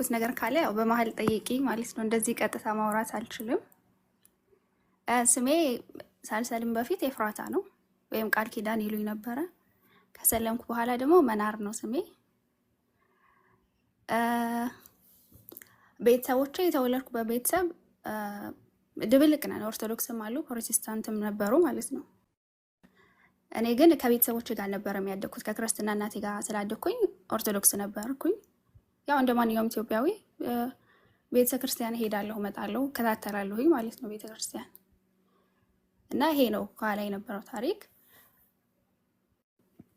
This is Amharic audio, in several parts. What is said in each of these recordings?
የፈለግኩት ነገር ካለ ያው በመሀል ጠይቂ ማለት ነው። እንደዚህ ቀጥታ ማውራት አልችልም። ስሜ ሳልሰልም በፊት የፍራታ ነው ወይም ቃል ኪዳን ይሉኝ ነበረ። ከሰለምኩ በኋላ ደግሞ መናር ነው ስሜ። ቤተሰቦቼ የተወለድኩ በቤተሰብ ድብልቅ ነን። ኦርቶዶክስም አሉ ፕሮቴስታንትም ነበሩ ማለት ነው። እኔ ግን ከቤተሰቦች ጋር አልነበረም ያደግኩት። ከክርስትና እናቴ ጋር ስላደግኩኝ ኦርቶዶክስ ነበርኩኝ። ያው እንደ ማንኛውም ኢትዮጵያዊ ቤተክርስቲያን ሄዳለሁ፣ እመጣለሁ፣ እከታተላለሁ ማለት ነው ቤተክርስቲያን እና ይሄ ነው ከኋላ የነበረው ታሪክ።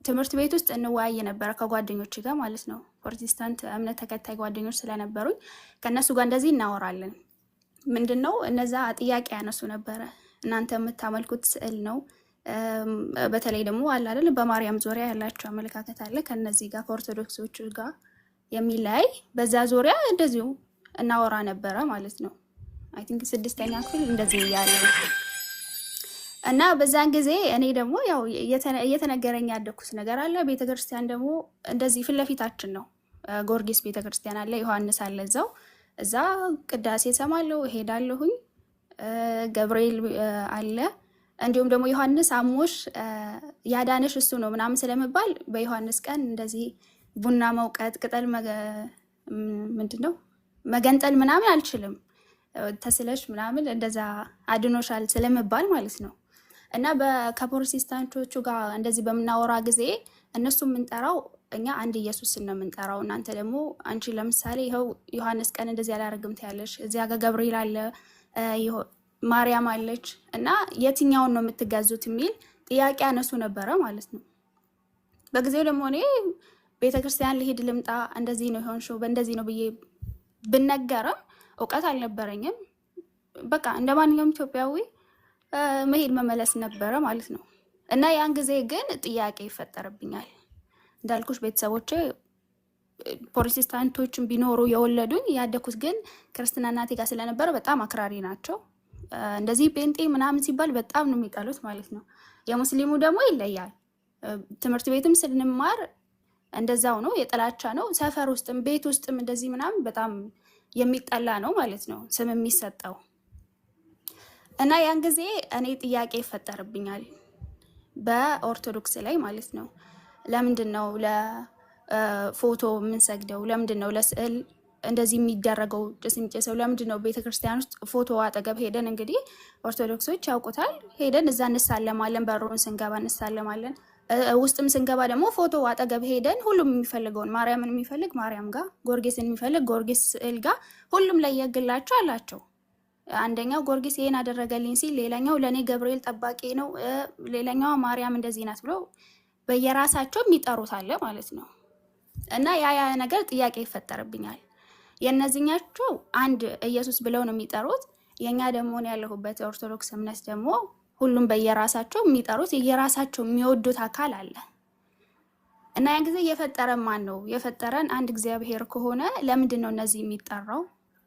ትምህርት ቤት ውስጥ እንወያይ ነበረ ከጓደኞች ጋር ማለት ነው። ፕሮቴስታንት እምነት ተከታይ ጓደኞች ስለነበሩኝ ከእነሱ ጋር እንደዚህ እናወራለን። ምንድን ነው እነዛ ጥያቄ ያነሱ ነበረ። እናንተ የምታመልኩት ስዕል ነው። በተለይ ደግሞ አለ አይደል በማርያም ዙሪያ ያላቸው አመለካከት አለ ከነዚህ ጋር ከኦርቶዶክሶቹ ጋር የሚለያይ በዛ ዙሪያ እንደዚሁ እናወራ ነበረ ማለት ነው። አይ ቲንክ ስድስተኛ ክፍል እንደዚህ እያለ እና በዛን ጊዜ እኔ ደግሞ ያው እየተነገረኝ ያደኩት ነገር አለ። ቤተክርስቲያን ደግሞ እንደዚህ ፊት ለፊታችን ነው። ጎርጊስ ቤተክርስቲያን አለ፣ ዮሐንስ አለ እዛው እዛ ቅዳሴ እሰማለሁ እሄዳለሁኝ። ገብርኤል አለ እንዲሁም ደግሞ ዮሐንስ አሞሽ ያዳነሽ እሱ ነው ምናምን ስለምባል በዮሐንስ ቀን እንደዚህ ቡና መውቀት ቅጠል ምንድን ነው መገንጠል ምናምን አልችልም። ተስለሽ ምናምን እንደዛ አድኖሻል ስለምባል ማለት ነው። እና ከፕሮቴስታንቶቹ ጋር እንደዚህ በምናወራ ጊዜ እነሱ የምንጠራው እኛ አንድ ኢየሱስን ነው የምንጠራው። እናንተ ደግሞ አንቺ ለምሳሌ ይኸው ዮሐንስ ቀን እንደዚህ አላደርግም ትያለሽ፣ እዚያ ጋር ገብርኤል አለ፣ ማርያም አለች እና የትኛውን ነው የምትገዙት የሚል ጥያቄ አነሱ ነበረ ማለት ነው። በጊዜው ደግሞ እኔ ቤተ ክርስቲያን ልሄድ ልምጣ፣ እንደዚህ ነው የሆንሽው፣ በእንደዚህ ነው ብዬ ብነገረም እውቀት አልነበረኝም። በቃ እንደ ማንኛውም ኢትዮጵያዊ መሄድ መመለስ ነበረ ማለት ነው። እና ያን ጊዜ ግን ጥያቄ ይፈጠርብኛል እንዳልኩሽ ቤተሰቦቼ ፕሮቴስታንቶችን ቢኖሩ የወለዱኝ ያደኩት ግን ክርስትና እናቴ ጋር ስለነበረ በጣም አክራሪ ናቸው። እንደዚህ ጴንጤ ምናምን ሲባል በጣም ነው የሚጠሉት ማለት ነው። የሙስሊሙ ደግሞ ይለያል። ትምህርት ቤትም ስንማር እንደዛው ነው፣ የጥላቻ ነው። ሰፈር ውስጥም ቤት ውስጥም እንደዚህ ምናምን በጣም የሚጠላ ነው ማለት ነው ስም የሚሰጠው እና ያን ጊዜ እኔ ጥያቄ ይፈጠርብኛል በኦርቶዶክስ ላይ ማለት ነው። ለምንድን ነው ለፎቶ የምንሰግደው? ለምንድን ነው ለስዕል እንደዚህ የሚደረገው ጭስ የሚጨሰው? ለምንድን ነው ቤተክርስቲያን ውስጥ ፎቶ አጠገብ ሄደን እንግዲህ ኦርቶዶክሶች ያውቁታል፣ ሄደን እዛ እንሳለማለን፣ በሮን ስንገባ እንሳለማለን። ውስጥም ስንገባ ደግሞ ፎቶ አጠገብ ሄደን ሁሉም የሚፈልገውን ማርያምን የሚፈልግ ማርያም ጋ ጎርጌስን የሚፈልግ ጎርጌስ ስዕል ጋ ሁሉም ለየግላቸው አላቸው። አንደኛው ጎርጌስ ይሄን አደረገልኝ ሲል፣ ሌላኛው ለእኔ ገብርኤል ጠባቂ ነው፣ ሌላኛው ማርያም እንደዚህ ናት ብለው በየራሳቸው የሚጠሩት አለ ማለት ነው። እና ያ ያ ነገር ጥያቄ ይፈጠርብኛል። የእነዚኛቸው አንድ ኢየሱስ ብለው ነው የሚጠሩት። የእኛ ደግሞ ያለሁበት ኦርቶዶክስ እምነት ደግሞ ሁሉም በየራሳቸው የሚጠሩት የየራሳቸው የሚወዱት አካል አለ እና ያን ጊዜ የፈጠረን ማን ነው? የፈጠረን አንድ እግዚአብሔር ከሆነ ለምንድን ነው እነዚህ የሚጠራው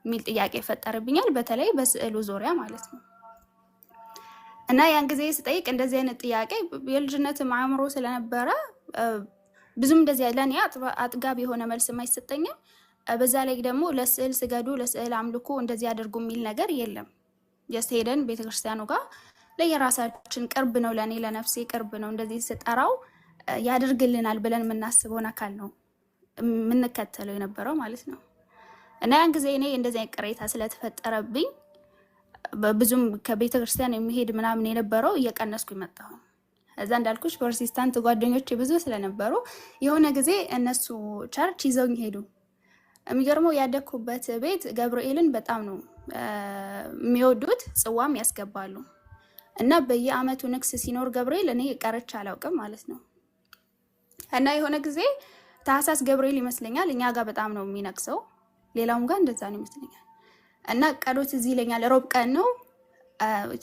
የሚል ጥያቄ ይፈጠርብኛል። በተለይ በስዕሉ ዙሪያ ማለት ነው። እና ያን ጊዜ ስጠይቅ እንደዚህ አይነት ጥያቄ የልጅነት አእምሮ ስለነበረ ብዙም እንደዚህ ለእኔ አጥጋቢ የሆነ መልስም አይሰጠኝም። በዛ ላይ ደግሞ ለስዕል ስገዱ፣ ለስዕል አምልኩ፣ እንደዚህ አድርጉ የሚል ነገር የለም። ጀስት ሄደን ቤተክርስቲያኑ ጋር ለየራሳችን ቅርብ ነው፣ ለእኔ ለነፍሴ ቅርብ ነው፣ እንደዚህ ስጠራው ያደርግልናል ብለን የምናስበውን አካል ነው የምንከተለው የነበረው ማለት ነው። እና ያን ጊዜ እኔ እንደዚህ አይነት ቅሬታ ስለተፈጠረብኝ ብዙም ከቤተ ክርስቲያን የሚሄድ ምናምን የነበረው እየቀነስኩ መጣሁ። እዛ እንዳልኩች ፕሮቴስታንት ጓደኞች ብዙ ስለነበሩ የሆነ ጊዜ እነሱ ቸርች ይዘውኝ ሄዱ። የሚገርመው ያደግኩበት ቤት ገብርኤልን በጣም ነው የሚወዱት፣ ጽዋም ያስገባሉ። እና በየአመቱ ንግስ ሲኖር ገብርኤል እኔ ቀረች አላውቅም ማለት ነው። እና የሆነ ጊዜ ታህሳስ ገብርኤል ይመስለኛል እኛ ጋር በጣም ነው የሚነግሰው፣ ሌላውም ጋር እንደዛ ነው ይመስለኛል። እና ቀዶት እዚህ ይለኛል። ሮብ ቀን ነው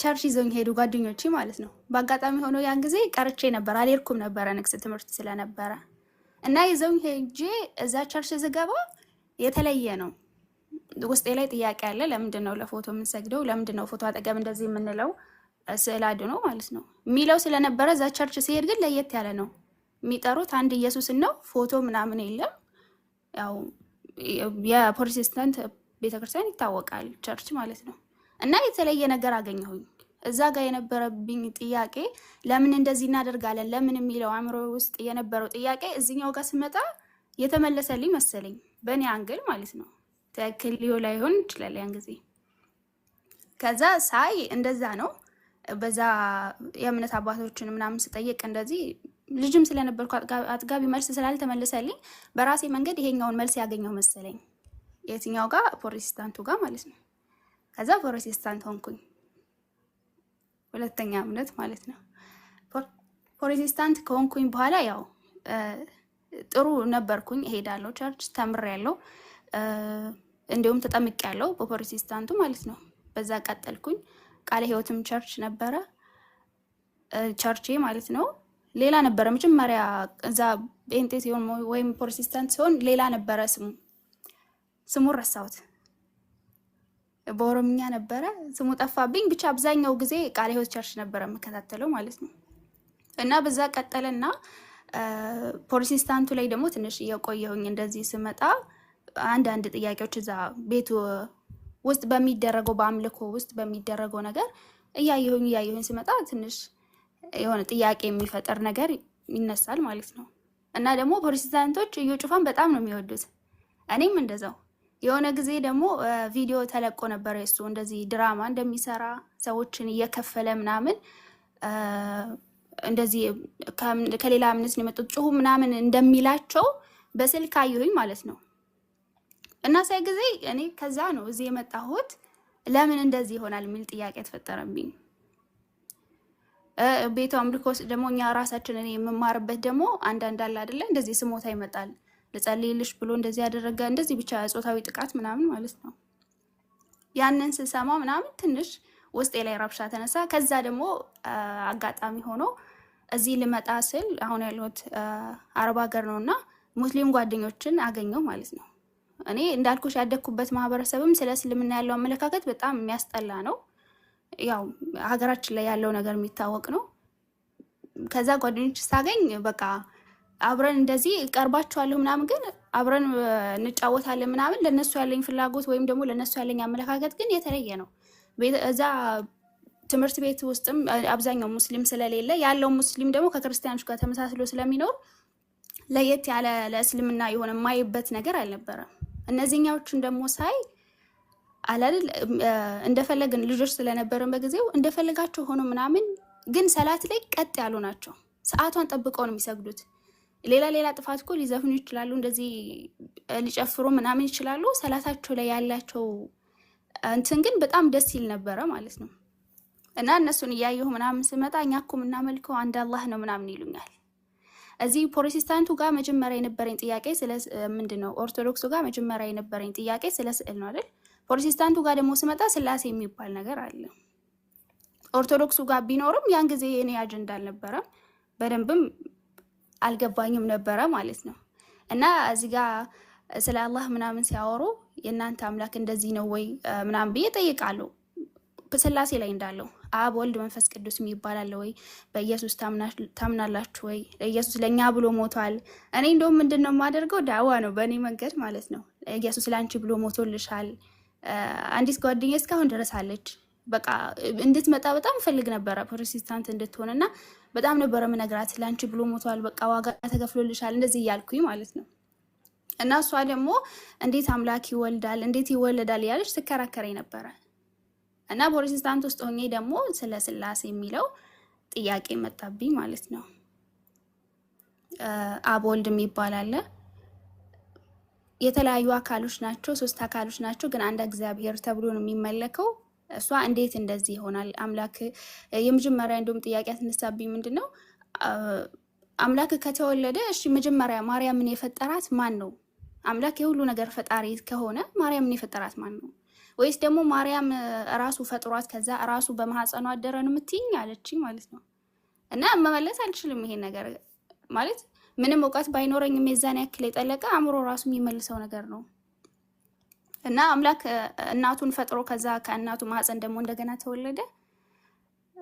ቸርች ይዘውኝ ሄዱ ጓደኞቼ ማለት ነው። በአጋጣሚ ሆኖ ያን ጊዜ ቀርቼ ነበር፣ አልሄድኩም ነበረ ንግስ ትምህርት ስለነበረ እና ይዘውኝ ሄጄ እዛ ቸርች ዝገባ የተለየ ነው። ውስጤ ላይ ጥያቄ አለ። ለምንድን ነው ለፎቶ የምንሰግደው? ለምንድን ነው ፎቶ አጠገብ እንደዚህ የምንለው? ስዕል አድኖ ማለት ነው የሚለው ስለነበረ እዛ ቸርች ሲሄድ ግን ለየት ያለ ነው። የሚጠሩት አንድ ኢየሱስን ነው። ፎቶ ምናምን የለም። ያው የፕሮቴስታንት ቤተክርስቲያን ይታወቃል ቸርች ማለት ነው። እና የተለየ ነገር አገኘሁኝ እዛ ጋር የነበረብኝ ጥያቄ ለምን እንደዚህ እናደርጋለን ለምን የሚለው አእምሮ ውስጥ የነበረው ጥያቄ እዚኛው ጋር ስመጣ የተመለሰልኝ መሰለኝ፣ በእኔ አንግል ማለት ነው። ትክክል ሊሆን ላይሆን ይችላል ያን ጊዜ። ከዛ ሳይ እንደዛ ነው በዛ የእምነት አባቶችን ምናምን ስጠይቅ እንደዚህ ልጅም ስለነበርኩ አጥጋቢ መልስ ስላልተመለሰልኝ በራሴ መንገድ ይሄኛውን መልስ ያገኘው መሰለኝ። የትኛው ጋር ፕሮቴስታንቱ ጋር ማለት ነው። ከዛ ፕሮቴስታንት ሆንኩኝ፣ ሁለተኛ እምነት ማለት ነው። ፕሮቴስታንት ከሆንኩኝ በኋላ ያው ጥሩ ነበርኩኝ፣ እሄዳለሁ ቸርች፣ ተምሬያለሁ፣ እንዲሁም ተጠምቄያለሁ በፕሮቴስታንቱ ማለት ነው። በዛ ቀጠልኩኝ። ቃለ ህይወትም ቸርች ነበረ ቸርቼ ማለት ነው። ሌላ ነበረ መጀመሪያ እዛ ጴንጤ ሲሆን ወይም ፕሮቴስታንት ሲሆን ሌላ ነበረ ስሙ ስሙን ረሳሁት። በኦሮምኛ ነበረ ስሙ ጠፋብኝ። ብቻ አብዛኛው ጊዜ ቃለ ህይወት ቸርች ነበረ የምከታተለው ማለት ነው። እና በዛ ቀጠለና ፕሮቴስታንቱ ላይ ደግሞ ትንሽ እየቆየሁኝ እንደዚህ ስመጣ አንዳንድ ጥያቄዎች እዛ ቤቱ ውስጥ በሚደረገው በአምልኮ ውስጥ በሚደረገው ነገር እያየሁኝ እያየሁኝ ስመጣ ትንሽ የሆነ ጥያቄ የሚፈጠር ነገር ይነሳል ማለት ነው። እና ደግሞ ፕሮቴስታንቶች እዩ ጩፋን በጣም ነው የሚወዱት። እኔም እንደዛው የሆነ ጊዜ ደግሞ ቪዲዮ ተለቆ ነበር የሱ እንደዚህ ድራማ እንደሚሰራ ሰዎችን እየከፈለ ምናምን እንደዚህ ከሌላ እምነት የመጡት ጩሁ ምናምን እንደሚላቸው በስልክ አየሁኝ ማለት ነው። እና ሳይ ጊዜ እኔ ከዛ ነው እዚህ የመጣሁት። ለምን እንደዚህ ይሆናል የሚል ጥያቄ ተፈጠረብኝ። ቤቱ አምልኮ ውስጥ ደግሞ እኛ ራሳችን እኔ የምማርበት ደግሞ አንዳንድ አለ አይደለ? እንደዚህ ስሞታ ይመጣል፣ ልጸልይልሽ ብሎ እንደዚህ ያደረገ እንደዚህ ብቻ ጾታዊ ጥቃት ምናምን ማለት ነው። ያንን ስሰማ ምናምን ትንሽ ውስጤ ላይ ረብሻ ተነሳ። ከዛ ደግሞ አጋጣሚ ሆኖ እዚህ ልመጣ ስል አሁን ያለሁት አረብ ሀገር ነው እና ሙስሊም ጓደኞችን አገኘው ማለት ነው እኔ እንዳልኩሽ ያደግኩበት ማህበረሰብም ስለ እስልምና ያለው አመለካከት በጣም የሚያስጠላ ነው። ያው ሀገራችን ላይ ያለው ነገር የሚታወቅ ነው። ከዛ ጓደኞች ሳገኝ በቃ አብረን እንደዚህ ቀርባችኋለሁ ምናምን፣ ግን አብረን እንጫወታለን ምናምን። ለእነሱ ያለኝ ፍላጎት ወይም ደግሞ ለእነሱ ያለኝ አመለካከት ግን የተለየ ነው። እዛ ትምህርት ቤት ውስጥም አብዛኛው ሙስሊም ስለሌለ ያለው ሙስሊም ደግሞ ከክርስቲያኖች ጋር ተመሳስሎ ስለሚኖር ለየት ያለ ለእስልምና የሆነ የማይበት ነገር አልነበረም። እነዚህኛዎቹን ደግሞ ሳይ አላል እንደፈለግን ልጆች ስለነበረን በጊዜው እንደፈለጋቸው ሆኖ ምናምን፣ ግን ሰላት ላይ ቀጥ ያሉ ናቸው። ሰዓቷን ጠብቀው ነው የሚሰግዱት። ሌላ ሌላ ጥፋት እኮ ሊዘፍኑ ይችላሉ፣ እንደዚህ ሊጨፍሩ ምናምን ይችላሉ። ሰላታቸው ላይ ያላቸው እንትን ግን በጣም ደስ ይል ነበረ ማለት ነው። እና እነሱን እያየሁ ምናምን ስመጣ እኛ እኮ የምናመልከው አንድ አላህ ነው ምናምን ይሉኛል። እዚህ ፕሮቴስታንቱ ጋር መጀመሪያ የነበረኝ ጥያቄ ስለ ምንድን ነው? ኦርቶዶክሱ ጋር መጀመሪያ የነበረኝ ጥያቄ ስለ ስዕል ነው አይደል? ፕሮቴስታንቱ ጋር ደግሞ ስመጣ ስላሴ የሚባል ነገር አለ። ኦርቶዶክሱ ጋር ቢኖርም ያን ጊዜ የኔ አጀንዳ አልነበረም፣ በደንብም አልገባኝም ነበረ ማለት ነው። እና እዚህ ጋር ስለ አላህ ምናምን ሲያወሩ የእናንተ አምላክ እንደዚህ ነው ወይ ምናምን ብዬ ጠይቃለሁ ስላሴ ላይ እንዳለው አብ ወልድ መንፈስ ቅዱስ የሚባል አለ ወይ? በኢየሱስ ታምናላችሁ ወይ? ኢየሱስ ለእኛ ብሎ ሞቷል። እኔ እንደውም ምንድን ነው የማደርገው ዳዋ ነው በእኔ መንገድ ማለት ነው። ኢየሱስ ለአንቺ ብሎ ሞቶልሻል። አንዲት ጓደኛ እስካሁን አለች በቃ እንድትመጣ በጣም ፈልግ ነበረ ፕሮቴስታንት እንድትሆን እና በጣም ነበረ ምነግራት ለአንቺ ብሎ ሞቷል፣ በቃ ዋጋ ተከፍሎልሻል፣ እንደዚህ እያልኩኝ ማለት ነው። እና እሷ ደግሞ እንዴት አምላክ ይወልዳል፣ እንዴት ይወለዳል እያለች ትከራከረኝ ነበረ። እና ፕሮቴስታንት ውስጥ ሆኜ ደግሞ ስለ ስላሴ የሚለው ጥያቄ መጣብኝ ማለት ነው። አብ ወልድ የሚባል አለ። የተለያዩ አካሎች ናቸው፣ ሶስት አካሎች ናቸው፣ ግን አንድ እግዚአብሔር ተብሎ ነው የሚመለከው። እሷ እንዴት እንደዚህ ይሆናል? አምላክ የመጀመሪያ እንዲሁም ጥያቄ ያስነሳብኝ ምንድን ነው አምላክ ከተወለደ እሺ፣ መጀመሪያ ማርያምን የፈጠራት ማን ነው? አምላክ የሁሉ ነገር ፈጣሪ ከሆነ ማርያምን የፈጠራት ማን ነው? ወይስ ደግሞ ማርያም ራሱ ፈጥሯት ከዛ ራሱ በማህፀኗ አደረ ነው የምትይኝ አለች ማለት ነው። እና መመለስ አልችልም። ይሄ ነገር ማለት ምንም እውቀት ባይኖረኝም የዛን ያክል የጠለቀ አእምሮ ራሱ የሚመልሰው ነገር ነው። እና አምላክ እናቱን ፈጥሮ ከዛ ከእናቱ ማህፀን ደግሞ እንደገና ተወለደ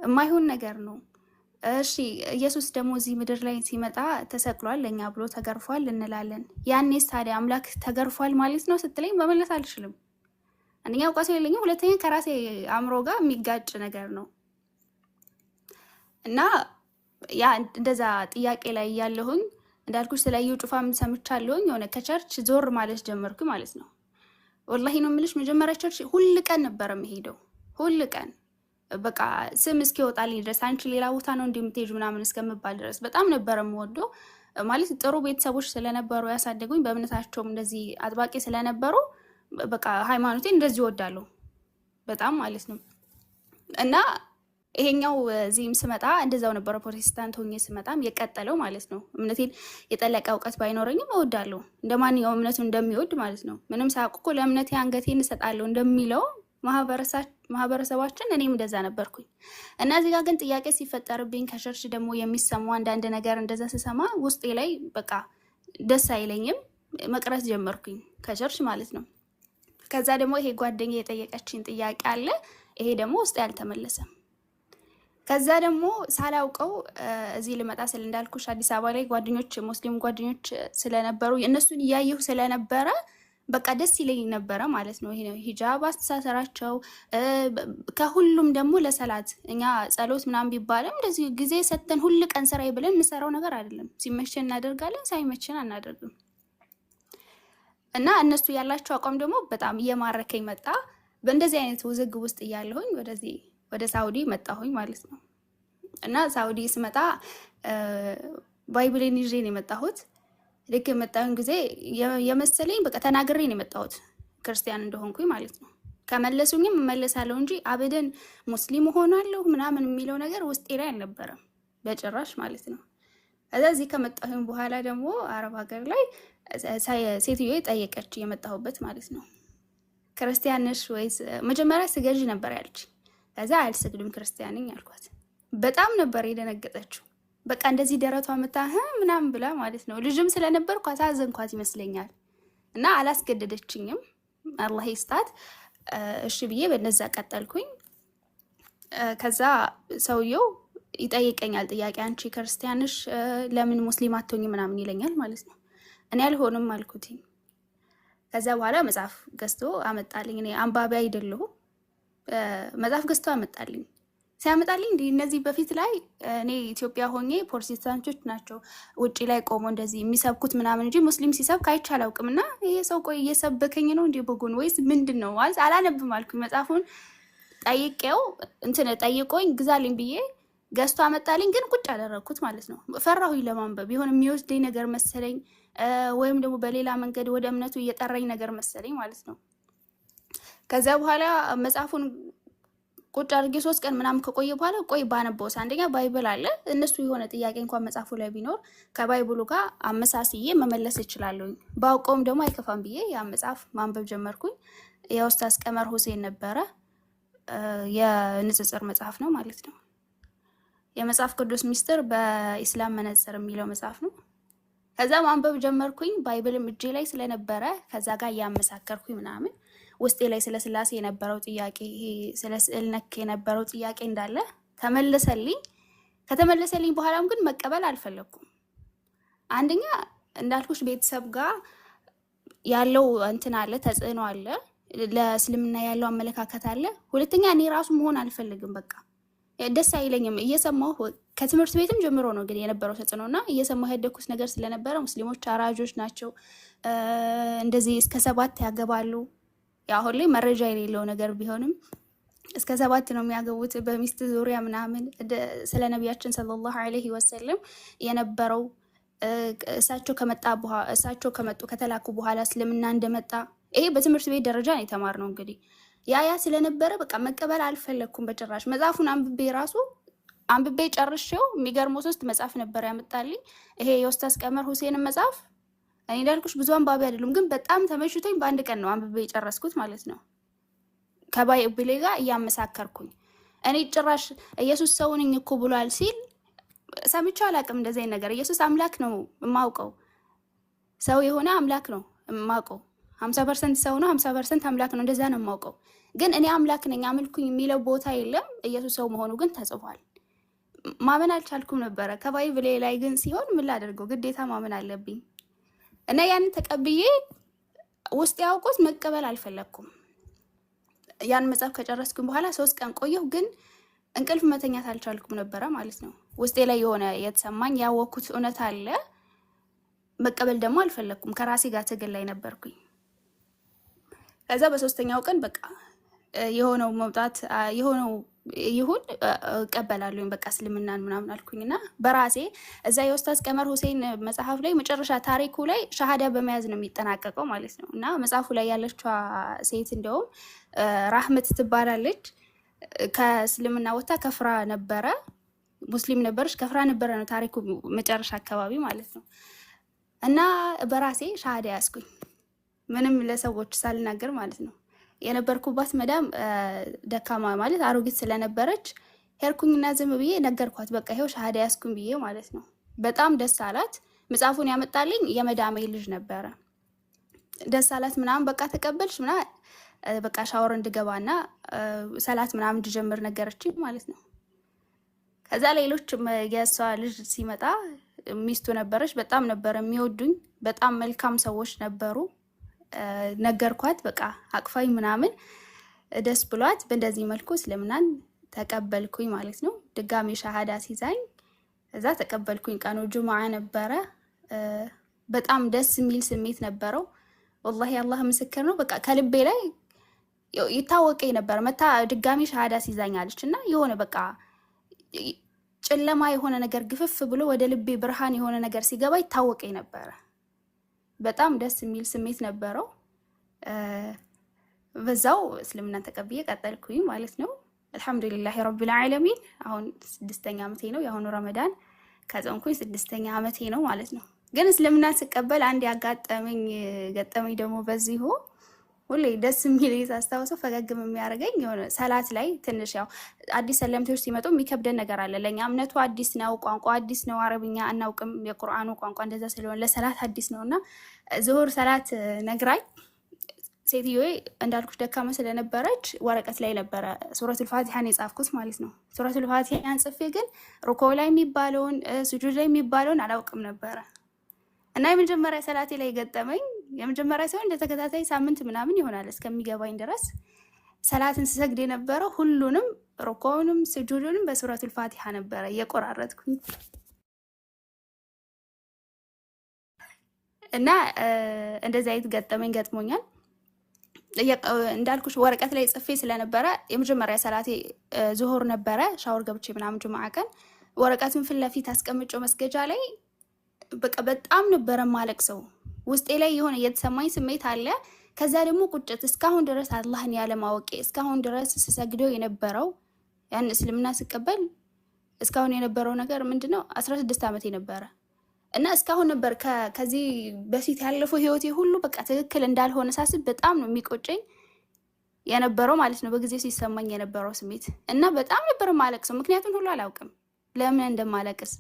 የማይሆን ነገር ነው። እሺ ኢየሱስ ደግሞ እዚህ ምድር ላይ ሲመጣ ተሰቅሏል ለእኛ ብሎ ተገርፏል እንላለን። ያኔስ ታዲያ አምላክ ተገርፏል ማለት ነው ስትለኝ መመለስ አልችልም። አንደኛ እውቀቱ የለኝም፣ ሁለተኛ ከራሴ አእምሮ ጋር የሚጋጭ ነገር ነው እና ያ እንደዛ ጥያቄ ላይ ያለሁኝ እንዳልኩሽ ስለ ጩፋ ጩፋም ሰምቻለሁኝ። የሆነ ከቸርች ዞር ማለት ጀመርኩ ማለት ነው። ወላሂ ነው የምልሽ። መጀመሪያ ቸርች ሁል ቀን ነበር የምሄደው፣ ሁል ቀን በቃ ስም እስኪወጣልኝ ድረስ አንቺ ሌላ ቦታ ነው እንዲሁ የምትሄጂው ምናምን እስከምባል ድረስ በጣም ነበር የምወደው ማለት ጥሩ ቤተሰቦች ስለነበሩ ያሳደጉኝ፣ በእምነታቸውም እንደዚህ አጥባቂ ስለነበሩ በቃ ሃይማኖቴን እንደዚህ እወዳለሁ በጣም ማለት ነው። እና ይሄኛው እዚህም ስመጣ እንደዛው ነበረ። ፕሮቴስታንት ሆኜ ስመጣም የቀጠለው ማለት ነው። እምነቴን የጠለቀ እውቀት ባይኖረኝም እወዳለሁ፣ እንደ ማንኛውም እምነቱ እንደሚወድ ማለት ነው። ምንም ሳያውቅ እኮ ለእምነቴ አንገቴን እሰጣለሁ እንደሚለው ማህበረሰባችን እኔም እንደዛ ነበርኩኝ። እና እዚህ ጋር ግን ጥያቄ ሲፈጠርብኝ ከሸርች ደግሞ የሚሰሙ አንዳንድ ነገር እንደዛ ስሰማ ውስጤ ላይ በቃ ደስ አይለኝም፣ መቅረት ጀመርኩኝ ከሸርች ማለት ነው። ከዛ ደግሞ ይሄ ጓደኛ የጠየቀችኝ ጥያቄ አለ። ይሄ ደግሞ ውስጥ ያልተመለሰ ከዛ ደግሞ ሳላውቀው እዚህ ልመጣ ስል እንዳልኩሽ አዲስ አበባ ላይ ጓደኞች ሙስሊም ጓደኞች ስለነበሩ እነሱን እያየሁ ስለነበረ በቃ ደስ ይለኝ ነበረ ማለት ነው። ይሄ ሂጃብ አስተሳሰራቸው ከሁሉም ደግሞ ለሰላት እኛ ጸሎት ምናምን ቢባልም እንደዚህ ጊዜ ሰተን ሁል ቀን ስራዬ ብለን የምሰራው ነገር አይደለም። ሲመቸን እናደርጋለን፣ ሳይመቸን አናደርግም። እና እነሱ ያላቸው አቋም ደግሞ በጣም እየማረከኝ መጣ። በእንደዚህ አይነት ውዝግብ ውስጥ እያለሁኝ ወደዚህ ወደ ሳውዲ መጣሁኝ ማለት ነው። እና ሳውዲ ስመጣ ባይብሌን ይዤ ነው የመጣሁት። ልክ የመጣሁን ጊዜ የመሰለኝ በቃ ተናግሬ ነው የመጣሁት ክርስቲያን እንደሆንኩኝ ማለት ነው። ከመለሱኝም እመለሳለሁ እንጂ አብደን ሙስሊም እሆናለሁ ምናምን የሚለው ነገር ውስጤ ላይ አልነበረም በጭራሽ ማለት ነው። ከዛ እዚህ ከመጣሁኝ በኋላ ደግሞ አረብ ሀገር ላይ ሴትዮ ጠየቀች፣ የመጣሁበት ማለት ነው። ክርስቲያን ነሽ ወይስ መጀመሪያ ስገዥ ነበር ያለች። ከዛ አልሰግድም ክርስቲያን ነኝ አልኳት። በጣም ነበር የደነገጠችው። በቃ እንደዚህ ደረቷ መታ ምናምን ብላ ማለት ነው። ልጅም ስለነበርኩ አሳዘንኳት ይመስለኛል። እና አላስገደደችኝም። አላህ ይስጣት። እሺ ብዬ በነዛ ቀጠልኩኝ። ከዛ ሰውየው ይጠይቀኛል ጥያቄ አንቺ ክርስቲያንሽ ለምን ሙስሊም አትሆኝ ምናምን ይለኛል ማለት ነው። እኔ አልሆንም አልኩት። ከዛ በኋላ መጽሐፍ ገዝቶ አመጣልኝ። እኔ አንባቢ አይደለሁም። መጽሐፍ ገዝቶ አመጣልኝ። ሲያመጣልኝ እንዲህ እነዚህ በፊት ላይ እኔ ኢትዮጵያ ሆኜ ፕሮቴስታንቶች ናቸው ውጭ ላይ ቆሞ እንደዚህ የሚሰብኩት ምናምን እንጂ ሙስሊም ሲሰብክ አይቼ አላውቅም። እና ይሄ ሰው ቆይ እየሰበከኝ ነው እንዲህ በጎን ወይስ ምንድን ነው ማለት አላነብም አልኩኝ። መጽሐፉን ጠይቄው እንትን ጠይቆኝ ግዛልኝ ብዬ ገዝቶ አመጣልኝ። ግን ቁጭ አደረግኩት ማለት ነው። ፈራሁኝ ለማንበብ የሆነ የሚወስደኝ ነገር መሰለኝ፣ ወይም ደግሞ በሌላ መንገድ ወደ እምነቱ እየጠራኝ ነገር መሰለኝ ማለት ነው። ከዚያ በኋላ መጽሐፉን ቁጭ አድርጌ ሶስት ቀን ምናምን ከቆየ በኋላ ቆይ ባነበውስ፣ አንደኛ ባይብል አለ እነሱ የሆነ ጥያቄ እንኳን መጽሐፉ ላይ ቢኖር ከባይብሉ ጋር አመሳስዬ መመለስ እችላለሁኝ። ባውቀውም ደግሞ አይከፋም ብዬ ያ መጽሐፍ ማንበብ ጀመርኩኝ። የኡስታዝ ቀመር ሁሴን ነበረ የንጽጽር መጽሐፍ ነው ማለት ነው። የመጽሐፍ ቅዱስ ሚስጥር በኢስላም መነጽር የሚለው መጽሐፍ ነው። ከዛ ማንበብ ጀመርኩኝ። ባይብልም እጄ ላይ ስለነበረ ከዛ ጋር እያመሳከርኩኝ ምናምን ውስጤ ላይ ስለ ስላሴ የነበረው ጥያቄ ስለ ስዕል ነክ የነበረው ጥያቄ እንዳለ ተመለሰልኝ። ከተመለሰልኝ በኋላም ግን መቀበል አልፈለግኩም። አንደኛ እንዳልኩሽ ቤተሰብ ጋር ያለው እንትን አለ፣ ተጽዕኖ አለ፣ ለእስልምና ያለው አመለካከት አለ። ሁለተኛ እኔ ራሱ መሆን አልፈልግም በቃ ደስ አይለኝም እየሰማሁ ከትምህርት ቤትም ጀምሮ ነው ግን የነበረው ተጽዕኖ እና እየሰማሁ ያደግኩት ነገር ስለነበረ ሙስሊሞች አራጆች ናቸው፣ እንደዚህ እስከ ሰባት ያገባሉ። አሁን ላይ መረጃ የሌለው ነገር ቢሆንም እስከ ሰባት ነው የሚያገቡት በሚስት ዙሪያ ምናምን ስለ ነቢያችን ሰለላሁ ዐለይሂ ወሰለም የነበረው እሳቸው ከመጣ እሳቸው ከመጡ ከተላኩ በኋላ እስልምና እንደመጣ ይሄ በትምህርት ቤት ደረጃ ነው የተማርነው እንግዲህ ያ ያ ስለነበረ በቃ መቀበል አልፈለግኩም በጭራሽ። መጽሐፉን አንብቤ ራሱ አንብቤ ጨርሼው የሚገርመው ሶስት መጽሐፍ ነበር ያመጣልኝ። ይሄ የውስታስ ቀመር ሁሴንን መጽሐፍ እኔ እንዳልኩሽ ብዙ አንባቢ አይደሉም፣ ግን በጣም ተመችቶኝ በአንድ ቀን ነው አንብቤ የጨረስኩት ማለት ነው። ብሌ ጋር እያመሳከርኩኝ እኔ ጭራሽ ኢየሱስ ሰው ነኝ እኮ ብሏል ሲል ሰምቼው አላውቅም። እንደዚህ ነገር ኢየሱስ አምላክ ነው የማውቀው፣ ሰው የሆነ አምላክ ነው የማውቀው ሀምሳ ፐርሰንት ሰው ነው፣ ሀምሳ ፐርሰንት አምላክ ነው። እንደዛ ነው የማውቀው። ግን እኔ አምላክ ነኝ አምልኩኝ የሚለው ቦታ የለም። ኢየሱስ ሰው መሆኑ ግን ተጽፏል። ማመን አልቻልኩም ነበረ። ከባይብል ላይ ግን ሲሆን ምን ላደርገው? ግዴታ ማመን አለብኝ እና ያንን ተቀብዬ ውስጥ ያውቁት መቀበል አልፈለግኩም። ያን መጽሐፍ ከጨረስኩም በኋላ ሶስት ቀን ቆየሁ፣ ግን እንቅልፍ መተኛት አልቻልኩም ነበረ ማለት ነው። ውስጤ ላይ የሆነ የተሰማኝ ያወቅኩት እውነት አለ። መቀበል ደግሞ አልፈለግኩም። ከራሴ ጋር ትግል ላይ ነበርኩኝ። ከዛ በሶስተኛው ቀን በቃ የሆነው መውጣት የሆነው ይሁን እቀበላለሁ በቃ እስልምናን ምናምን አልኩኝና በራሴ እዛ የኡስታዝ ቀመር ሁሴን መጽሐፍ ላይ መጨረሻ ታሪኩ ላይ ሻሃዳ በመያዝ ነው የሚጠናቀቀው ማለት ነው። እና መጽሐፉ ላይ ያለችዋ ሴት እንደውም ራህመት ትባላለች። ከእስልምና ወታ ከፍራ ነበረ ሙስሊም ነበረች፣ ከፍራ ነበረ ነው ታሪኩ መጨረሻ አካባቢ ማለት ነው። እና በራሴ ሻሃዳ ያዝኩኝ። ምንም ለሰዎች ሳልናገር ማለት ነው። የነበርኩባት መዳም ደካማ ማለት አሮጊት ስለነበረች ሄርኩኝና ዝም ብዬ ነገርኳት። በቃ ይኸው ሻሃዳ ያስኩኝ ብዬ ማለት ነው። በጣም ደስ አላት። መጽሐፉን ያመጣልኝ የመዳሜ ልጅ ነበረ። ደስ አላት ምናምን በቃ ተቀበልሽ ምና በቃ ሻወር እንድገባና ሰላት ምናምን እንድጀምር ነገረችኝ ማለት ነው። ከዛ ሌሎች የእሷ ልጅ ሲመጣ ሚስቱ ነበረች። በጣም ነበረ የሚወዱኝ። በጣም መልካም ሰዎች ነበሩ። ነገርኳት። በቃ አቅፋኝ ምናምን ደስ ብሏት በእንደዚህ መልኩ እስልምናን ተቀበልኩኝ ማለት ነው። ድጋሜ ሻሃዳ ሲዛኝ እዛ ተቀበልኩኝ። ቀኑ ጁሙዓ ነበረ። በጣም ደስ የሚል ስሜት ነበረው። ወላሂ አላህ ምስክር ነው። በቃ ከልቤ ላይ ይታወቀ ነበር። መታ ድጋሜ ሻሃዳ አለች እና የሆነ በቃ ጨለማ የሆነ ነገር ግፍፍ ብሎ ወደ ልቤ ብርሃን የሆነ ነገር ሲገባ ይታወቀ ነበረ። በጣም ደስ የሚል ስሜት ነበረው። በዛው እስልምና ተቀብዬ ቀጠልኩኝ ማለት ነው። አልሐምዱሊላህ ረቢል ዓለሚን አሁን ስድስተኛ ዓመቴ ነው። የአሁኑ ረመዳን ከጾምኩኝ ስድስተኛ ዓመቴ ነው ማለት ነው። ግን እስልምና ስቀበል አንድ ያጋጠመኝ ገጠመኝ ደግሞ በዚሁ ሁሌ ደስ የሚል ሳስታውሰው ፈገግም የሚያደርገኝ የሆነ ሰላት ላይ ትንሽ ያው አዲስ ሰለምቴዎች ሲመጡ የሚከብደን ነገር አለ። ለእኛ እምነቱ አዲስ ነው፣ ቋንቋ አዲስ ነው፣ አረብኛ አናውቅም። የቁርአኑ ቋንቋ እንደዛ ስለሆነ ለሰላት አዲስ ነው እና ዝሁር ሰላት ነግራኝ ሴትዮ እንዳልኩሽ ደካማ ስለነበረች ወረቀት ላይ ነበረ ሱረቱል ፋቲሃን የጻፍኩት ማለት ነው። ሱረቱል ፋቲሃን ጽፌ ግን ሩኮ ላይ የሚባለውን ስጁድ ላይ የሚባለውን አላውቅም ነበረ እና የመጀመሪያ ሰላቴ ላይ ገጠመኝ የመጀመሪያ ሳይሆን ለተከታታይ ሳምንት ምናምን ይሆናል እስከሚገባኝ ድረስ ሰላትን ስሰግድ የነበረው ሁሉንም ሮኮውንም ስጁዱንም በሱረቱል ፋቲሃ ነበረ እየቆራረጥኩኝ እና እንደዚህ አይነት ገጠመኝ ገጥሞኛል። እንዳልኩሽ ወረቀት ላይ ጽፌ ስለነበረ የመጀመሪያ ሰላቴ ዝሆር ነበረ። ሻወር ገብቼ ምናምን ጁምዓ ቀን ወረቀቱን ፊት ለፊት አስቀምጮ መስገጃ ላይ በቃ በጣም ነበረ ማለቅ ሰው ውስጤ ላይ የሆነ የተሰማኝ ስሜት አለ። ከዛ ደግሞ ቁጭት፣ እስካሁን ድረስ አላህን ያለማወቄ፣ እስካሁን ድረስ ስሰግደው የነበረው ያን እስልምና ስቀበል እስካሁን የነበረው ነገር ምንድን ነው? አስራ ስድስት ዓመት የነበረ እና እስካሁን ነበር ከዚህ በፊት ያለፈው ህይወቴ ሁሉ በቃ ትክክል እንዳልሆነ ሳስብ በጣም ነው የሚቆጨኝ የነበረው ማለት ነው። በጊዜው ሲሰማኝ የነበረው ስሜት እና በጣም ነበር ማለቅሰው፣ ምክንያቱም ሁሉ አላውቅም ለምን እንደማለቅስ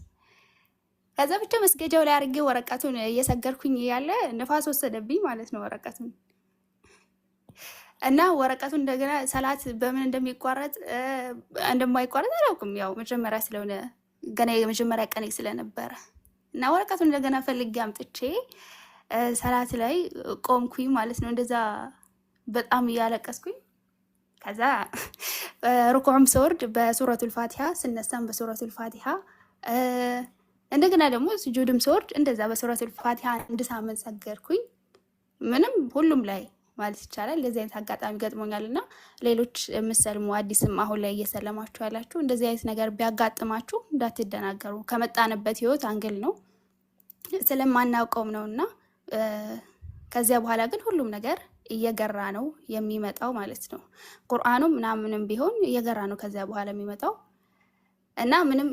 ከዛ ብቻ መስገጃው ላይ አድርጌ ወረቀቱን እየሰገርኩኝ ያለ ነፋስ ወሰደብኝ ማለት ነው ወረቀቱን እና ወረቀቱን እንደገና ሰላት በምን እንደሚቋረጥ እንደማይቋረጥ አላውቅም። ያው መጀመሪያ ስለሆነ ገና የመጀመሪያ ቀን ስለነበረ እና ወረቀቱን እንደገና ፈልጌ አምጥቼ ሰላት ላይ ቆምኩኝ ማለት ነው። እንደዛ በጣም እያለቀስኩኝ ከዛ ሩኩዕም ስወርድ በሱረቱል ፋቲሃ ስነሳም በሱረቱል ፋቲሃ እንደገና ደግሞ ስጁድም ስወርድ እንደዛ በሱረቱል ፋቲሃ አንድ ሳምንት ሰገርኩኝ። ምንም ሁሉም ላይ ማለት ይቻላል እንደዚህ አይነት አጋጣሚ ገጥሞኛል እና ሌሎች የምትሰልሙ አዲስም አሁን ላይ እየሰለማችሁ ያላችሁ እንደዚህ አይነት ነገር ቢያጋጥማችሁ እንዳትደናገሩ። ከመጣንበት ህይወት አንግል ነው ስለማናውቀውም ነው እና ከዚያ በኋላ ግን ሁሉም ነገር እየገራ ነው የሚመጣው ማለት ነው። ቁርአኑም ምናምንም ቢሆን እየገራ ነው ከዚያ በኋላ የሚመጣው እና ምንም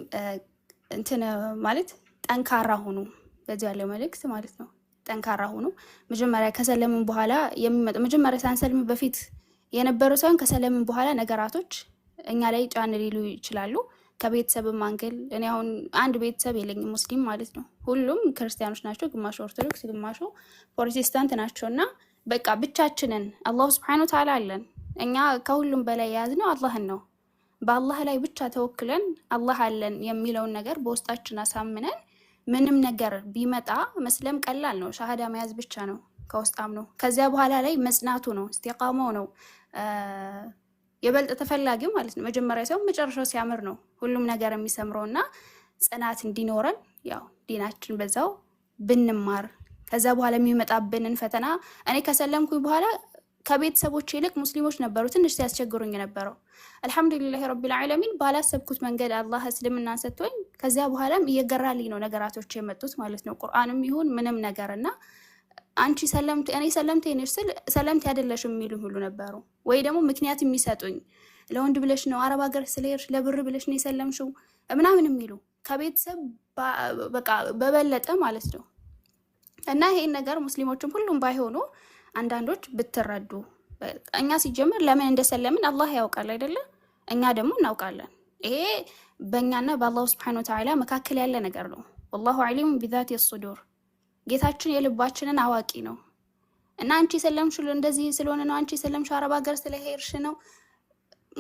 እንትን ማለት ጠንካራ ሆኑ። በዚህ ያለው መልእክት ማለት ነው። ጠንካራ ሆኑ። መጀመሪያ ከሰለምን በኋላ የሚመጣ መጀመሪያ ሳንሰልም በፊት የነበሩ ሳይሆን ከሰለምን በኋላ ነገራቶች እኛ ላይ ጫን ሊሉ ይችላሉ። ከቤተሰብም አንግል እኔ አሁን አንድ ቤተሰብ የለኝም፣ ሙስሊም ማለት ነው። ሁሉም ክርስቲያኖች ናቸው፣ ግማሹ ኦርቶዶክስ፣ ግማሹ ፕሮቴስታንት ናቸው። እና በቃ ብቻችንን አላሁ ስብሓን ታላ አለን። እኛ ከሁሉም በላይ የያዝነው አላህን ነው በአላህ ላይ ብቻ ተወክለን አላህ አለን የሚለውን ነገር በውስጣችን አሳምነን ምንም ነገር ቢመጣ መስለም ቀላል ነው። ሻሃዳ መያዝ ብቻ ነው ከውስጣም ነው ከዚያ በኋላ ላይ መጽናቱ ነው እስቲቃማው ነው የበልጥ ተፈላጊው ማለት ነው። መጀመሪያ ሰው መጨረሻው ሲያምር ነው ሁሉም ነገር የሚሰምረው እና ጽናት እንዲኖረን ያው ዲናችን በዛው ብንማር ከዛ በኋላ የሚመጣብንን ፈተና እኔ ከሰለምኩኝ በኋላ ከቤተሰቦች ይልቅ ሙስሊሞች ነበሩ ትንሽ ሲያስቸግሩኝ ነበረው። አልሐምዱሊላህ ረቢል ዓለሚን ባላሰብኩት መንገድ አላህ እስልምና ሰጥቶኝ ከዚያ በኋላም እየገራልኝ ነው ነገራቶች የመጡት ማለት ነው። ቁርአንም ይሁን ምንም ነገር እና አንቺ ሰለምቴ እኔ ሰለምቴ ነሽ ስል ሰለምቴ አይደለሽም የሚሉኝ ሁሉ ነበሩ። ወይ ደግሞ ምክንያት የሚሰጡኝ ለወንድ ብለሽ ነው አረብ ሀገር ስለሄድሽ ለብር ብለሽ ነው የሰለምሽው ምናምን የሚሉ ከቤተሰብ በቃ በበለጠ ማለት ነው። እና ይሄን ነገር ሙስሊሞችም ሁሉም ባይሆኑ አንዳንዶች ብትረዱ እኛ ሲጀምር ለምን እንደሰለምን አላህ ያውቃል አይደለ? እኛ ደግሞ እናውቃለን። ይሄ በእኛና በአላሁ ስብሐነሁ ወተዓላ መካከል ያለ ነገር ነው። ወላሁ አሊሙ ቢዛት የሱዱር ጌታችን የልባችንን አዋቂ ነው። እና አንቺ የሰለምሽው እንደዚህ ስለሆነ ነው፣ አንቺ የሰለምሽው አረብ ሀገር ስለሄድሽ ነው።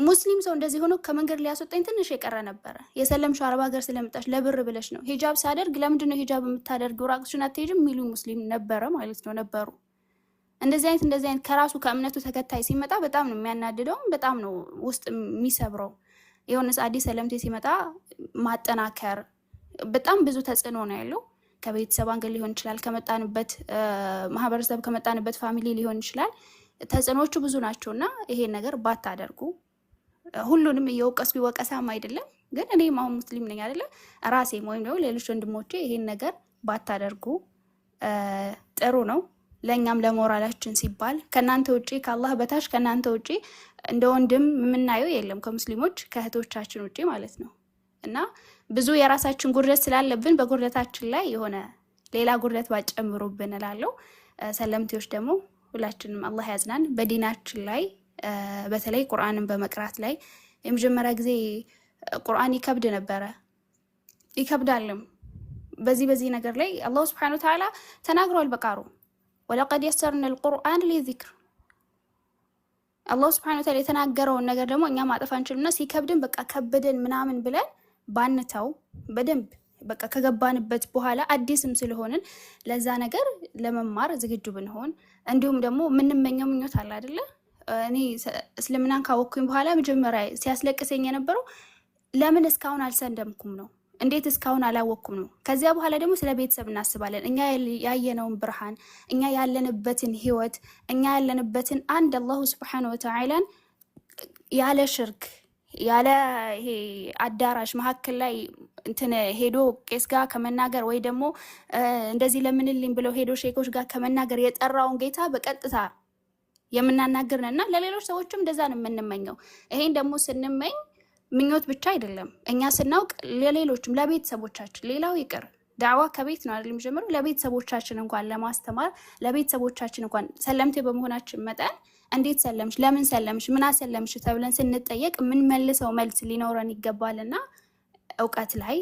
ሙስሊም ሰው እንደዚህ ሆኖ ከመንገድ ሊያስወጣኝ ትንሽ የቀረ ነበረ። የሰለምሽው አረብ ሀገር ስለመጣሽ ለብር ብለሽ ነው። ሂጃብ ሳደርግ ለምንድነው ሂጃብ የምታደርግ ራቅሽን አትሄጂም የሚሉ ሙስሊም ነበረ ማለት ነው ነበሩ እንደዚህ አይነት እንደዚህ አይነት ከራሱ ከእምነቱ ተከታይ ሲመጣ በጣም ነው የሚያናድደውም በጣም ነው ውስጥ የሚሰብረው። የሆነ አዲስ ሰለምቴ ሲመጣ ማጠናከር በጣም ብዙ ተጽዕኖ ነው ያለው። ከቤተሰብ አንገል ሊሆን ይችላል፣ ከመጣንበት ማህበረሰብ ከመጣንበት ፋሚሊ ሊሆን ይችላል። ተጽዕኖቹ ብዙ ናቸው እና ይሄን ነገር ባታደርጉ ሁሉንም እየወቀሱ ወቀሳም አይደለም ግን እኔም አሁን ሙስሊም ነኝ አይደለም ራሴም ወይም ደግሞ ሌሎች ወንድሞቼ ይሄን ነገር ባታደርጉ ጥሩ ነው። ለእኛም ለሞራላችን ሲባል ከእናንተ ውጭ ከአላህ በታች ከእናንተ ውጭ እንደ ወንድም የምናየው የለም ከሙስሊሞች ከእህቶቻችን ውጭ ማለት ነው። እና ብዙ የራሳችን ጉድለት ስላለብን በጉድለታችን ላይ የሆነ ሌላ ጉድለት ባጨምሩብን እላለሁ። ሰለምቴዎች ደግሞ ሁላችንም አላህ ያዝናን። በዲናችን ላይ በተለይ ቁርአንን በመቅራት ላይ የመጀመሪያ ጊዜ ቁርአን ይከብድ ነበረ፣ ይከብዳልም። በዚህ በዚህ ነገር ላይ አላሁ ስብሐነ ወተዓላ ተናግሯል በቃሩ ወለቀድ የሰርነ ልቁርአን ሊዚክር አላሁ ስብሐነ ወተዓላ የተናገረውን ነገር ደግሞ እኛ ማጠፍ አንችልምና ሲከብድን በቃ ከበደን ምናምን ብለን ባንተው በደንብ በቃ ከገባንበት በኋላ አዲስም ስለሆንን ለዛ ነገር ለመማር ዝግጁ ብንሆን፣ እንዲሁም ደግሞ የምንመኘው ምኞት አለ አይደለ? እኔ እስልምናን ካወቅኩኝ በኋላ መጀመሪያ ሲያስለቅሰኝ የነበረው ለምን እስካሁን አልሰለምኩም ነው። እንዴት እስካሁን አላወቅኩም ነው። ከዚያ በኋላ ደግሞ ስለ ቤተሰብ እናስባለን። እኛ ያየነውን ብርሃን፣ እኛ ያለንበትን ህይወት፣ እኛ ያለንበትን አንድ አላሁ ስብሓነ ወተዓላን ያለ ሽርክ ያለ ይሄ አዳራሽ መካከል ላይ እንትን ሄዶ ቄስ ጋር ከመናገር ወይ ደግሞ እንደዚህ ለምንልኝ ብለው ሄዶ ሼኮች ጋር ከመናገር የጠራውን ጌታ በቀጥታ የምናናገር ነን እና ለሌሎች ሰዎችም እንደዛ ነው የምንመኘው። ይሄን ደግሞ ስንመኝ ምኞት ብቻ አይደለም። እኛ ስናውቅ ለሌሎችም ለቤተሰቦቻችን፣ ሌላው ይቅር ዳዕዋ ከቤት ነው አይደል የሚጀምረው። ለቤተሰቦቻችን እንኳን ለማስተማር ለቤተሰቦቻችን እንኳን ሰለምቴ በመሆናችን መጠን እንዴት ሰለምሽ፣ ለምን ሰለምሽ፣ ምን አሰለምሽ ተብለን ስንጠየቅ መልሰው መልስ ሊኖረን ይገባልና እውቀት ላይ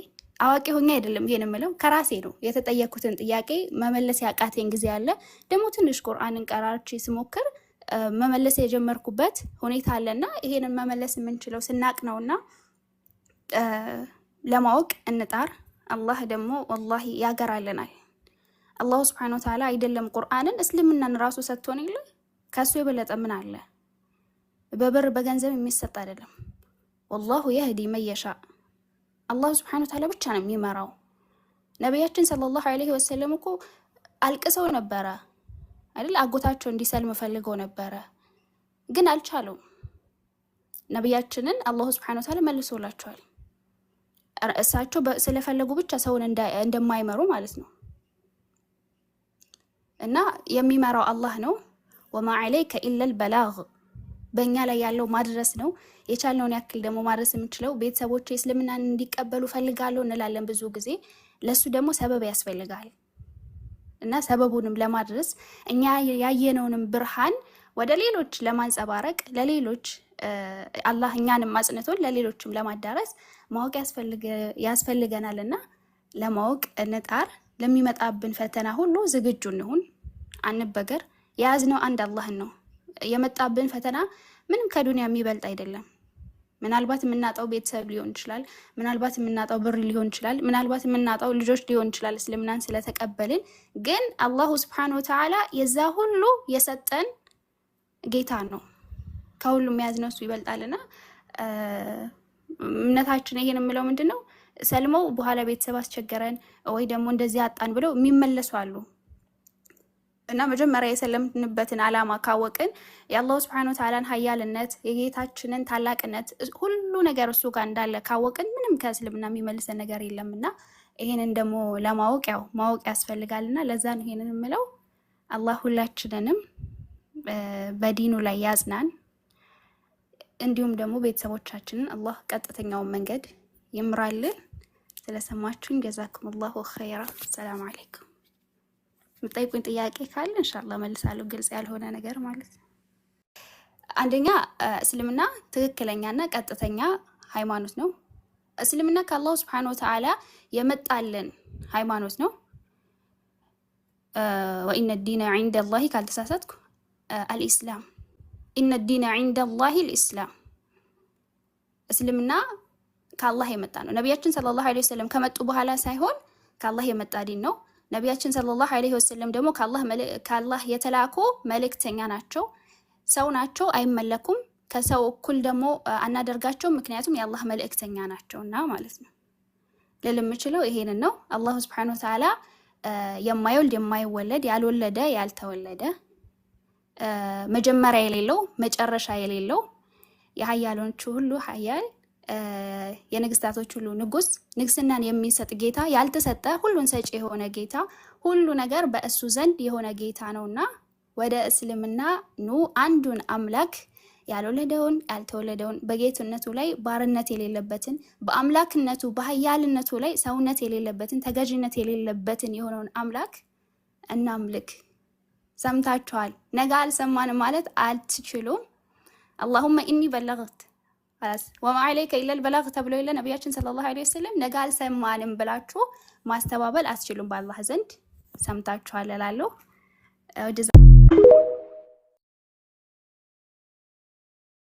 አዋቂ ሆኜ አይደለም ይሄን የምለው ከራሴ ነው። የተጠየኩትን ጥያቄ መመለስ ያቃቴን ጊዜ አለ። ደግሞ ትንሽ ቁርአንን ቀራርቼ ስሞክር መመለስ የጀመርኩበት ሁኔታ አለና ይሄንን መመለስ የምንችለው ስናቅ ነውና ለማወቅ እንጣር። አላህ ደግሞ ወላሂ ያገራልናል። አላሁ ስብሐነሁ ወተዓላ አይደለም ቁርአንን እስልምናን ራሱ ሰጥቶን የለ ከእሱ የበለጠ ምን አለ? በብር በገንዘብ የሚሰጥ አይደለም። ወላሁ የህዲ መየሻ አላሁ ስብሐነሁ ወተዓላ ብቻ ነው የሚመራው። ነቢያችን ሰለላሁ ዐለይሂ ወሰለም እኮ አልቅሰው ነበረ አይደል አጎታቸው እንዲሰልም ፈልገው ነበረ፣ ግን አልቻለውም። ነቢያችንን አላሁ ስብሐነ ወተዓላ መልሶላቸዋል። እሳቸው ስለፈለጉ ብቻ ሰውን እንደማይመሩ ማለት ነው። እና የሚመራው አላህ ነው። ወማ ዐለይከ ኢለል በላግ በእኛ ላይ ያለው ማድረስ ነው። የቻልነውን ያክል ደግሞ ማድረስ የምንችለው ቤተሰቦች እስልምናን እንዲቀበሉ ፈልጋለሁ እንላለን ብዙ ጊዜ። ለሱ ደግሞ ሰበብ ያስፈልጋል። እና ሰበቡንም ለማድረስ እኛ ያየነውንም ብርሃን ወደ ሌሎች ለማንጸባረቅ ለሌሎች አላህ እኛንም አጽንቶን ለሌሎችም ለማዳረስ ማወቅ ያስፈልገናል እና ለማወቅ እንጣር። ለሚመጣብን ፈተና ሁሉ ዝግጁ እንሁን፣ አንበገር። የያዝነው አንድ አላህን ነው። የመጣብን ፈተና ምንም ከዱንያ የሚበልጥ አይደለም። ምናልባት የምናጣው ቤተሰብ ሊሆን ይችላል። ምናልባት የምናጣው ብር ሊሆን ይችላል። ምናልባት የምናጣው ልጆች ሊሆን ይችላል። እስልምናን ስለተቀበልን ግን አላሁ ስብሐነሁ ወተዓላ የዛ ሁሉ የሰጠን ጌታ ነው። ከሁሉም የያዝነው እሱ ይበልጣልና እምነታችን ይሄን የምለው ምንድን ነው ሰልመው በኋላ ቤተሰብ አስቸገረን ወይ ደግሞ እንደዚህ አጣን ብለው የሚመለሱ አሉ። እና መጀመሪያ የሰለምንበትን ዓላማ ካወቅን የአላሁ ስብሐነ ወተዓላን ሀያልነት የጌታችንን ታላቅነት ሁሉ ነገር እሱ ጋር እንዳለ ካወቅን ምንም ከእስልምና የሚመልሰን ነገር የለም። እና ይሄንን ደግሞ ለማወቅ ያው ማወቅ ያስፈልጋል። እና ለዛ ነው ይሄንን የምለው። አላህ ሁላችንንም በዲኑ ላይ ያጽናን፣ እንዲሁም ደግሞ ቤተሰቦቻችንን አላህ ቀጥተኛውን መንገድ ይምራልን። ስለሰማችሁን ጀዛኩም አላሁ ኸይራ። ሰላም አለይኩም የምጠይቁኝ ጥያቄ ካለ እንሻላ መልሳለሁ። ግልጽ ያልሆነ ነገር ማለት ነው። አንደኛ እስልምና ትክክለኛና ቀጥተኛ ሃይማኖት ነው። እስልምና ከአላሁ ስብሓን ወተዓላ የመጣልን ሃይማኖት ነው። ወኢነ ዲነ ዒንደ ላሂ ካልተሳሳትኩ አልኢስላም ኢነ ዲነ ዒንደ ላሂ ልኢስላም እስልምና ከአላህ የመጣ ነው። ነቢያችን ሰለላሁ ዐለይሂ ወሰለም ከመጡ በኋላ ሳይሆን ከአላህ የመጣ ዲን ነው። ነቢያችን ሰለላሁ ዐለይሂ ወሰለም ደግሞ ከአላህ የተላኩ መልእክተኛ ናቸው። ሰው ናቸው፣ አይመለኩም። ከሰው እኩል ደግሞ አናደርጋቸው፣ ምክንያቱም የአላህ መልእክተኛ እና ማለት ነው። ልል የምችለው ይሄንን ነው። አላሁ ስብሐነ ወተዓላ የማይወልድ የማይወለድ ያልወለደ ያልተወለደ መጀመሪያ የሌለው መጨረሻ የሌለው የሀያሎቹ ሁሉ ሀያል የንግስታቶች ሁሉ ንጉስ፣ ንግስናን የሚሰጥ ጌታ፣ ያልተሰጠ ሁሉን ሰጪ የሆነ ጌታ፣ ሁሉ ነገር በእሱ ዘንድ የሆነ ጌታ ነውና ወደ እስልምና ኑ። አንዱን አምላክ ያልወለደውን ያልተወለደውን በጌትነቱ ላይ ባርነት የሌለበትን በአምላክነቱ በኃያልነቱ ላይ ሰውነት የሌለበትን ተገዥነት የሌለበትን የሆነውን አምላክ እናምልክ። ሰምታችኋል። ነገ አልሰማን ማለት አትችሉም። አላሁመ ኢኒ በለግት ላስ ወማ ዐለይከ ኢለል በላግ ተብሎ የለ ነቢያችን ሰለላሁ ዐለይሂ ወሰለም ነገ አልሰማንም ብላችሁ ማስተባበል አስችሉም። በአላህ ዘንድ ሰምታችኋል እላለሁ።